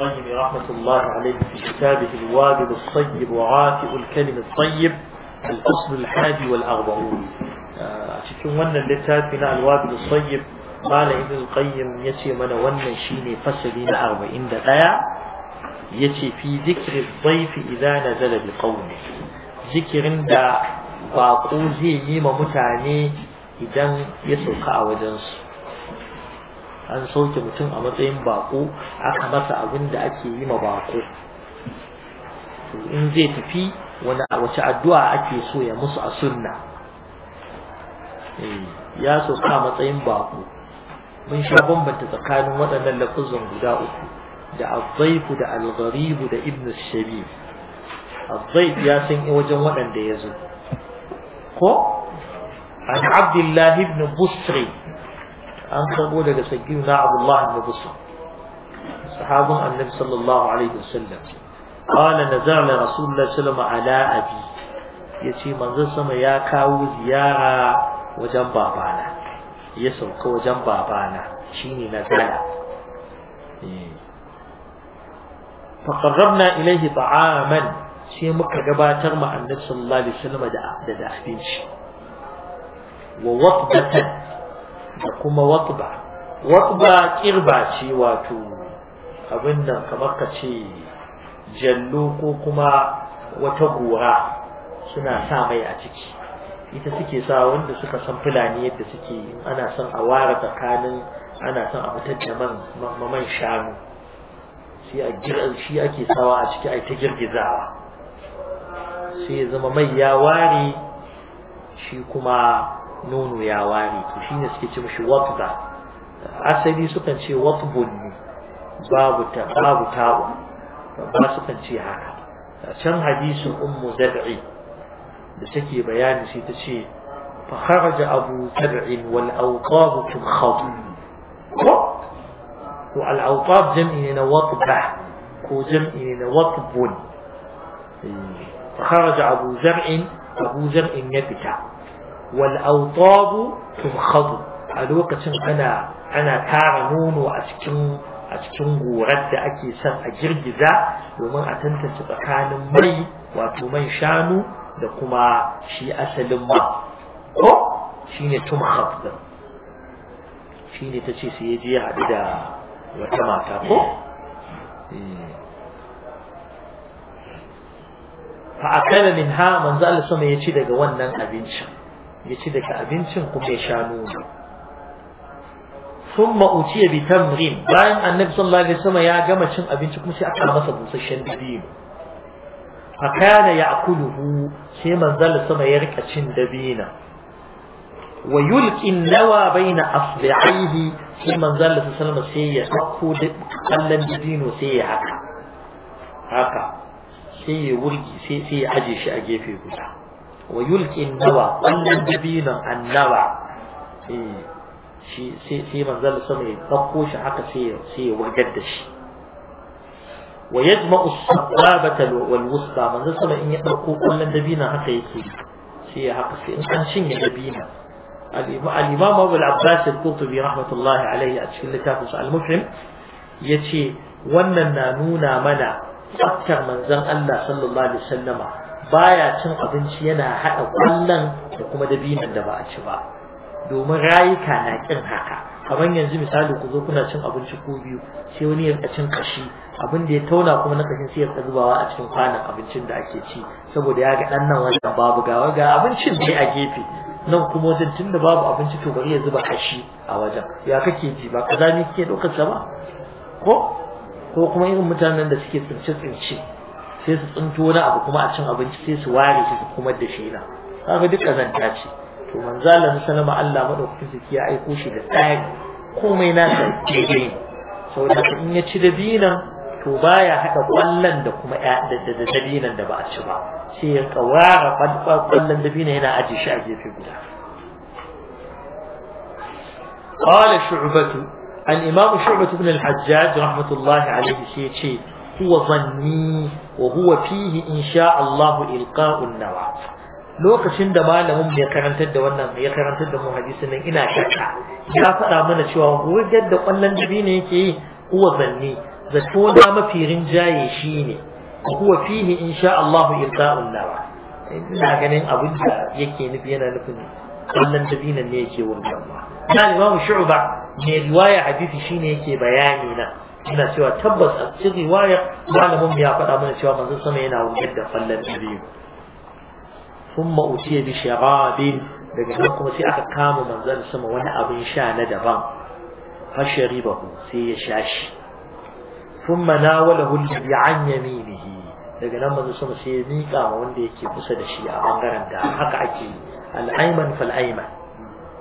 رحمة الله عليه في كتابه الوابل الصيب وعاتق الكلم الطيب الأصل الحادي والأربعون أتكلم آه، ون اللتات بناء الوابل الصيب قال إن القيم يتي من ون شيني فسدين أربعين دقايا يتي في ذكر الضيف إذا نزل بقومه ذكر دا باقوزي يما متعني إذا يسلق أوجنسه an sauke mutum a matsayin bako aka masa abin da ake yi ma bako in zai tafi wani wace addu'a ake so ya musu a sunna eh, ya sa matsayin bako mun sha bambanta tsakanin waɗannan lafuzan guda uku da azzaifu da algaribu da ibn shabi azzaif ya san wajen waɗanda ya zo ko an abdullahi ibn busri an karbo daga sagiyu na abdullah ibn busr sahabin annabi sallallahu alaihi wasallam qala nazala rasulullahi sallallahu alaihi ala abi yace manzon sama ya kawo ziyara wajen babana ya sauka wajen babana shine nazala فقربنا إليه طعاما sai muka gabatar ma annabi sallallahu alaihi wasallam da da abinci wa wafdatan da kuma waqba waqba kirba ce wato abin nan kamar ka ce jallo ko kuma wata gora suna sa mai a ciki ita suke sa wanda suka san fulani yadda suke ana son a ware tsakanin ana son a fitar da man man shanu sai a girar shi ake sawa a ciki ai ta girgizawa sai ya zama mai ya ware shi kuma نون يا ويا واري في ناس كتير مش وطبا عسلي سكان شيء وطب باب تا باب تاو ما سكان شيء هذا شن حديث أم زرعي بسكي بيان شيء تشي فخرج أبو زرع والأوطاب تنخض والأوطاب جمعين وطبا كو جمعين وطب فخرج أبو زرع أبو زرع يبتا wal awtabu a lokacin ana ana tara nono a cikin a da ake son a girgiza domin a tantance tsakanin mai wato man shanu da kuma shi asalin ma ko shine tumhaf din shine tace sai ya je ya haɗu da wata mata ko eh. fa akala minha manzo Allah sama ya ci daga wannan abincin ya ci daga abincin kuma ya sha nono sun ma'uciya bi bayan annabi sallallahu alaihi wasallam ya gama cin abinci kuma sai aka masa busasshen dabino fakana ya akuluhu sai manzal sama ya rika cin dabina wa yulqi nawa baina asbi'aihi sai manzal sallallahu alaihi wasallam sai ya sako da Ƙallon dabino sai ya haka haka sai ya wurgi sai sai ya aje shi a gefe guda wa yulqin nawa wannan dabinon annawa eh, shi sai manzon sama ya dauko shi haka sai ya wurgar da shi wa yajma'u as-sababata wal wusta manzon sama in ya dauko kullun dabinon haka yake sai ya haka sai in an cinye dabinon al-imam Abu al rahmatullahi alayhi a cikin littafinsa al ya ce wannan na nuna mana tsaftar manzon Allah sallallahu alaihi wasallama baya cin abinci yana haɗa kwallon da kuma dabinan da ba a ci ba domin rayuka na kin haka kamar yanzu misali ku zo kuna cin abinci ko biyu sai wani ya cin kashi abin da ya tauna kuma na kashin sai ya zubawa a cikin kwanan abincin da ake ci saboda ya ga dan nan wajen babu ga ga abincin dai a gefe nan kuma wajen tunda babu abinci to bari ya zuba kashi a wajen ya kake ji ba kaza ne kike ɗaukar ba ko ko kuma irin mutanen da suke tsince tsince sai su tsinto wani abu kuma a cin abinci sai su ware shi su kuma da shi na kaga duk kazanta ce to manzo Allah sallama Allah madaukaki sarki ya aiko shi da tsari komai na sa daidai saboda in ya ci dabinan to baya hada kwallon da kuma da dabinan da ba a ci ba sai ya kawara kwallon dabinan yana aje shi a gefe guda قال شعبة الإمام شعبة بن الحجاج رحمة الله عليه شيء huwa zanni wa huwa fihi insha Allah ilqa'un nawa lokacin da malamin ya karantar da wannan ya karantar da mu hadisin nan ina shakka ya faɗa mana cewa wajen da ƙwallon dabi ne yake yi huwa zanni zato da mafi rinjaye shine. ne huwa fihi insha Allah ilqa'un nawa ina ganin abin da yake nufi yana nufin ƙwallon dabi ne yake wurin ba na limamu shu'ba mai riwaya hadisi shine yake bayani na yana cewa tabbas a cikin riwaya malamin ya faɗa mana cewa manzo sama yana wuyar da fallan biyu thumma utiya bi sharabin daga nan kuma sai aka kama manzan sama wani abin sha na daban fasharibahu sai ya sha shi thumma nawalahu alladhi an yaminihi daga nan manzo sama sai ya miƙa ma wanda yake kusa da shi a bangaren da haka ake al-ayman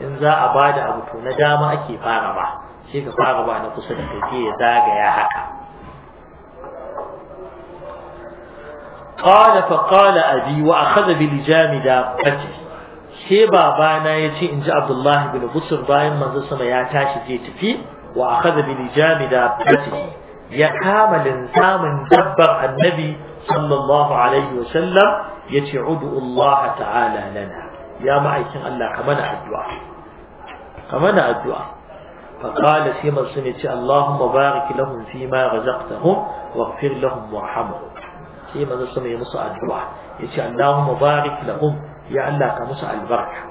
in za a bada abu to na dama ake fara ba sai ka fara ba na kusa da kai ya zagaya haka قال فقال أبي وأخذ بلجام دابتي sai babana ya ce in ji Abdullahi bin Busur bayan manzo sama ya tashi zai tafi wa akhadha bi lijami da fatihi ya kama linsamin dabbar annabi sallallahu alaihi wa sallam ya ce udu Allah ta'ala lana ya ma'aikin Allah ka mana addu'a ka mana addu'a فقال سيما سنتي اللهم بارك لهم فيما رزقتهم واغفر لهم وارحمهم سيما سنتي مصع الدعاء يتي اللهم بارك لهم يا الله كمصع البركة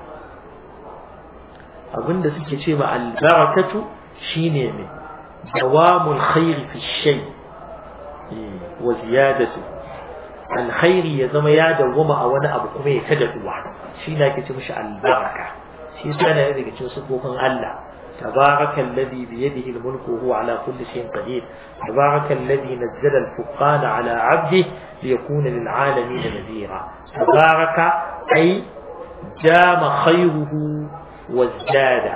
أقول لك سيما البركة شيني من دوام الخير في الشيء وزيادته الخير يزم يا دوما وانا ابو كما يتدد واحد شينا كتي مش البركه shi yana daga cikin sufofin Allah تبارك الذي بيده الملك وهو على كل شيء قدير تبارك الذي نزل الفقان على عبده ليكون للعالمين نذيرا تبارك أي جام خيره وازداد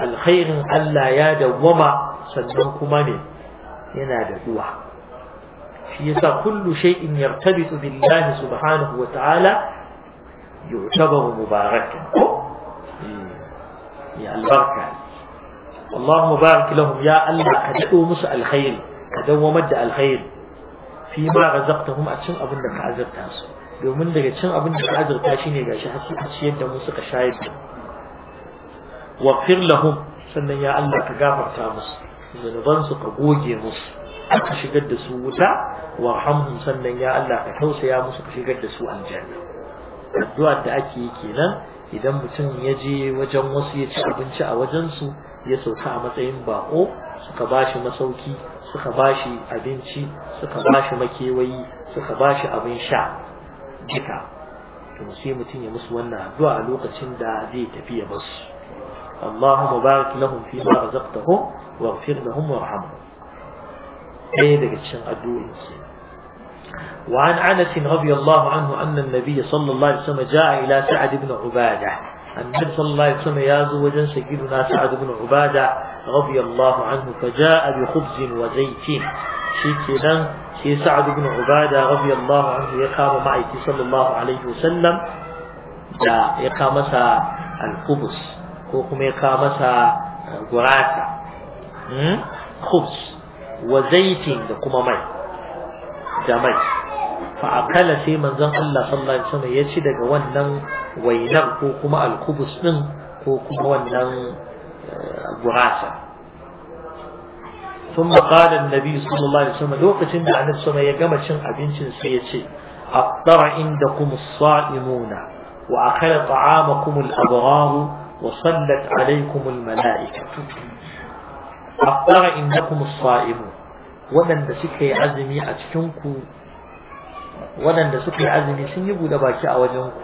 الخير ألا يا وما سنكم من ينادى دوا فيسا كل شيء يرتبط بالله سبحانه وتعالى يعتبر مباركا البركة اللهم بارك لهم يا الله كدعو مس الخير كدعو مد الخير فيما رزقتهم أتشن أبن دك عزر تاسو يومن دك أتشن أبن دك عزر تاشيني غاشي حسو أتشين دموس كشايد وغفر لهم سنة يا الله كغافر تاسو من ظنس قبوجي مس أتشي قد سوتا وارحمهم سنة يا الله كحوس يا مس أتشي قد سوء الجنة الدعاء دعاكي كينا إذا متن يجي وجن وصي أبن شاء وجن سوء ya sauka a matsayin bako suka bashi masauki suka bashi abinci suka bashi makewayi suka bashi abin sha duka to sai mutun ya musu wannan addu'a a lokacin da zai tafi ya basu اللهم بارك لهم فيما رزقتهم واغفر لهم وارحمهم ايه ده كتشن ادوين وعن انس رضي الله عنه ان النبي صلى الله عليه وسلم جاء الى سعد بن عباده النبي صلى الله عليه وسلم يازو وجن سيدنا سعد بن عبادة رضي الله عنه فجاء بخبز وزيت شيكنا شي سعد بن عبادة رضي الله عنه يقام معي صلى الله عليه وسلم دا يقام الخبز وكما يقام قراتة خبز وزيت دكما مي دا مي فأكل سيما زن الله صلى الله عليه وسلم يشي دقوان wainar ko kuma alkubus ɗin ko kuma wannan eh, gurasa Tun maƙalar النبي صلى الله da annabi sama ya gama cin abincin sai ya ce afdara indakum as-sa'imuna wa akala ta'amakum al-abrar wa sallat alaykum al-mala'ikatu afdara indakum as-sa'imun waɗanda suka yi azumi a waɗanda suka yi azumi sun yi buɗe baki a wajen ku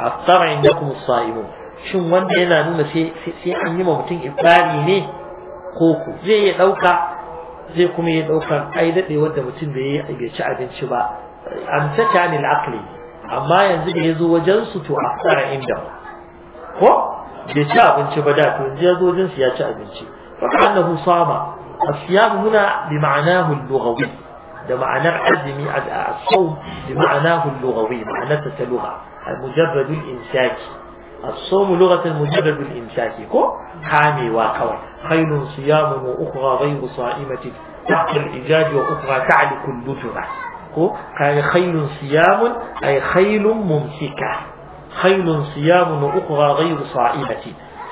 aftar indakum as-sa'imun shin wanda yana nuna sai sai an yi ma mutum ifari ne ko ku zai ya dauka zai kuma ya dauka ai dade wanda mutum bai ya ci abinci ba an ta tani al-aqli amma yanzu da yazo wajen su to aftar inda ko bai ci abinci ba da to yanzu yazo wajen su ya ci abinci fa annahu sama الصيام هنا بمعناه اللغوي ده معناه عزمي الصوم بمعناه اللغوي معناه كلغة المجرد الإمساك الصوم لغة المجرد الإمساك كو حامي وكوي خيل صيام وأخرى غير صائمة تحت الإجاج وأخرى تعلق اللجرة كو كان خيل صيام أي خيل ممسكة خيل صيام وأخرى غير صائمة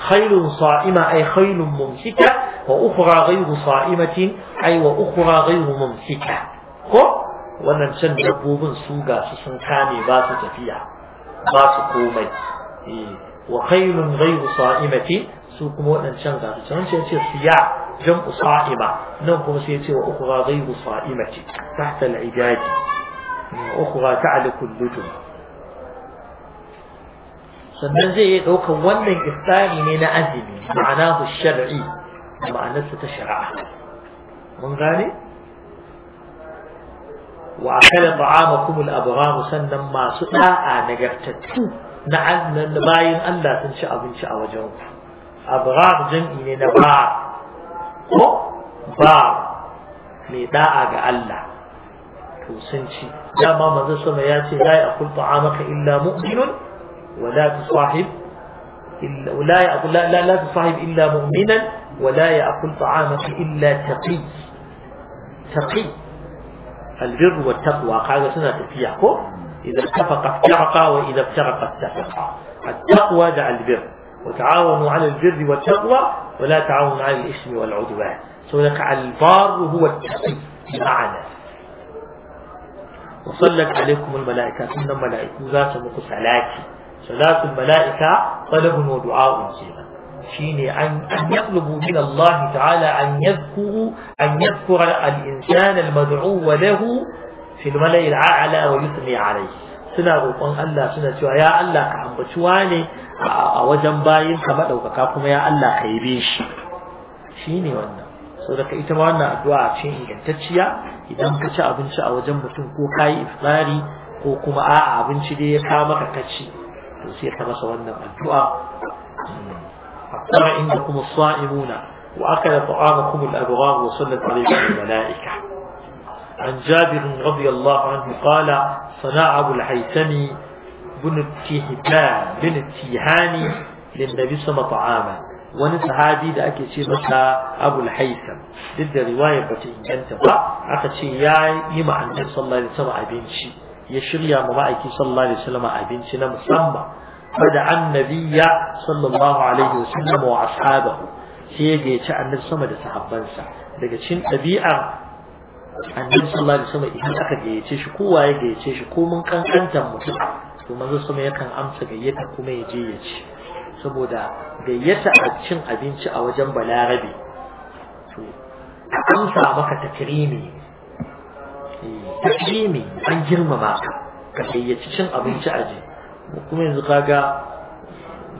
خيل صائمة أي خيل ممسكة وأخرى غير صائمة أي وأخرى غير ممسكة كو wannan can dabbobin su ga su sun kame ba su tafiya ba su komai eh, wa khairun ghayru sa'imati su kuma wadancan ga su can sai ce siya jan sa'ima nan kuma sai ce wa ukhra ghayru sa'imati tahta al-ibadi eh, wa ukhra ta'liku al sannan zai iya ɗaukar wannan iftari ne na azumi ma'ana shar'i ma'anarsa ta shari'a mun gane وأحل طعامكم الأبرام سنة ما سؤال نجبتت نعم نباين أن لا تنشأ من شأ وجهه أبرام جن إن بار هو بار لداعا جعلنا توسنشي يا ماما ذا سمياتي لا يأكل طعامك إلا مؤمن ولا تصاحب إلا ولا يأكل لا لا تصاحب إلا مؤمنا ولا يأكل طعامك إلا تقي تقي البر والتقوى قال سنة تفيحكو إذا اتفق افترقا وإذا افترق اتفقا التقوى دع البر وتعاونوا على البر والتقوى ولا تعاونوا على الإثم والعدوان سولك البار هو التقي معنا وصلت عليكم الملائكة ثم ملائكة ذات مقصلات صلاة الملائكة طلب ودعاء سيما shine an yaqlubu min Allah ta'ala an yadhkuru an yadhkura al-insan al-mad'u lahu fi al-mala'i al-a'la wa yuthni alayhi suna roƙon Allah suna cewa ya Allah ka ambaci wane a wajen bayin ka madaukaka kuma ya Allah ka yabe shi shine wannan so daga ita ma wannan addu'a ce ingantacciya idan ka ci abinci a wajen mutum ko kayi iftari ko kuma a'a abinci dai ya ka kaci to sai ka masa wannan addu'a hmm. أما إنكم الصائمون وأكل طعامكم الأبرار وصلت عليكم الملائكة عن جابر رضي الله عنه قال صنع أبو الحيثم بن التيهان بن التيهاني للنبي صلى طعاما ونسى هذه ذاك شيء مسا أبو الهيثم. ضد رواية بطيء أنت با أخذ شيء ياي يما عن صلى الله عليه وسلم أبين شيء يشري يا مرائكي صلى الله عليه وسلم أبين شيء نمسمى فدعا النبي صلى الله عليه وسلم وأصحابه سيجي تعالى السماء لصحبانسا daga cikin ɗabi'ar annabi sallallahu alaihi wasallam idan aka gayyace shi kowa ya gayyace shi ko mun kankantar mutum to manzo sama yakan amsa gayyata kuma ya je ya ci saboda gayyata a cin abinci a wajen balarabe to amsa maka takrimi takrimi an girmama ka ka gayyaci cin abinci a je kuma yanzu kaga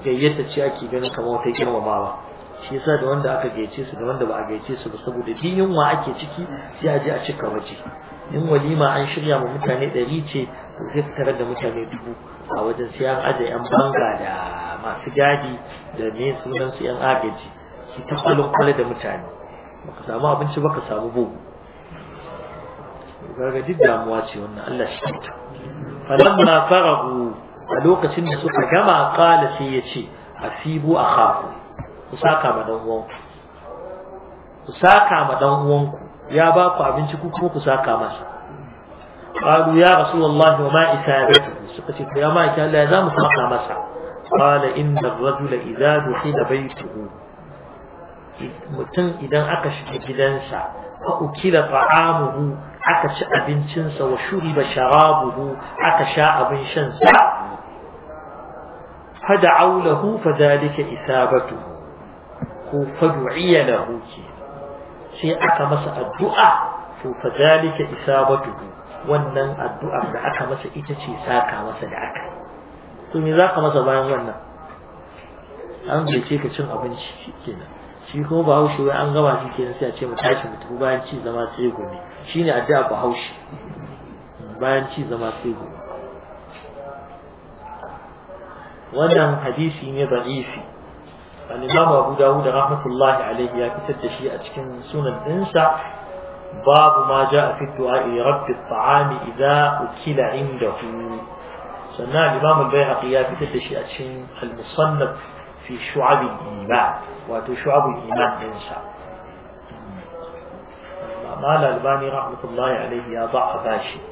gayyata ce ake ganin kamar wata ba. shi yasa da wanda aka gayyace su da wanda ba a gayyace su ba saboda din yunwa ake ciki sai a je a cika waje in walima an shirya ma mutane ɗari ce to sai su tarar da mutane dubu a wajen sai an aje yan banga da masu gadi da me sunan su yan agaji su ta kwalin kwale da mutane baka samu abinci baka samu bugu gargaji damuwa ce wannan Allah shi ta falamma farahu a lokacin da suka gama kala sai ya ce asibu a haku ku saka ma dan uwanku ku saka ma dan uwanku ya ba ku abinci ku kuma ku saka masa قالوا يا رسول الله وما ya سقطت يا ما كان لا زام سمع مسا قال إن الرجل da دخل بيته mutum idan aka shiga gidansa fa ukila ta'amuhu aka ci abincinsa wa shuriba sharabuhu aka sha abin shan sa fada'u lahu fadhalika isabatu ko fadu'iya na ke sai aka masa addu'a to fadhalika isabatu wannan addu'ar da aka masa ita ce saka masa da aka to me za ka masa bayan wannan an ce ka cin abinci kenan shi kuma bahaushe wai an gama shi kenan sai a ce mu tashi mu tafi bayan ci zama sai gobe shine addu'a bahaushe bayan ci zama sai gobe wannan hadisi ne da'ifi al-imam Abu Dawud rahmatullahi alaihi ya fitar da shi a cikin sunan dinsa babu ma jaa fi du'a li rabbi at-ta'am idza ukila indahu sannan al-imam al-Baihaqi ya fitar da shi a cikin al-musannaf fi shu'ab al-iman wato shu'ab al-iman dinsa مال الباني رحمة الله عليه يا ضعف شيء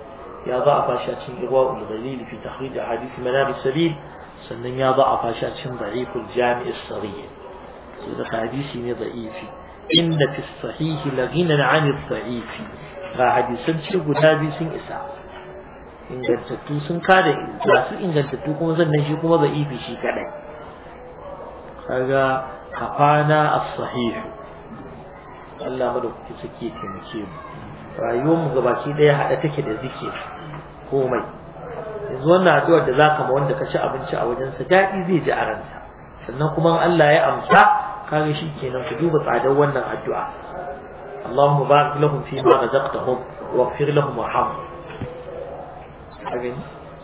يا ضعف شيء إغواء الغليل في تخريج أحاديث منام السبيل sannan ya ba a fashi a cikin da'iful jami'is sarihi so da hadisi ne da'ifi inna fi sahihi la na 'ani da'ifi ga hadisan ci guda biyu sun isa ingantattu sun kada masu ingantattu kuma sannan shi kuma da'ifi shi kadai kaga kafana as-sahih Allah madaukaki sake taimake mu rayuwar mu gabaki daya hada take da zikiri komai yanzu wannan addu'ar da zaka ma wanda ka ci abinci a wajen sa daɗi zai ji a ranta sannan kuma Allah ya amsa kage shi kenan ku duba tsadar wannan addu'a Allahumma barik lahum fi ma razaqtahum waghfir lahum warhamhum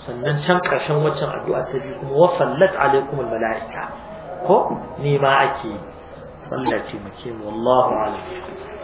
sannan can ƙarshen waccan addu'a ta biyu kuma wa sallat alaikum al mala'ika ko ni ma ake Allah muke mu wallahu a'lam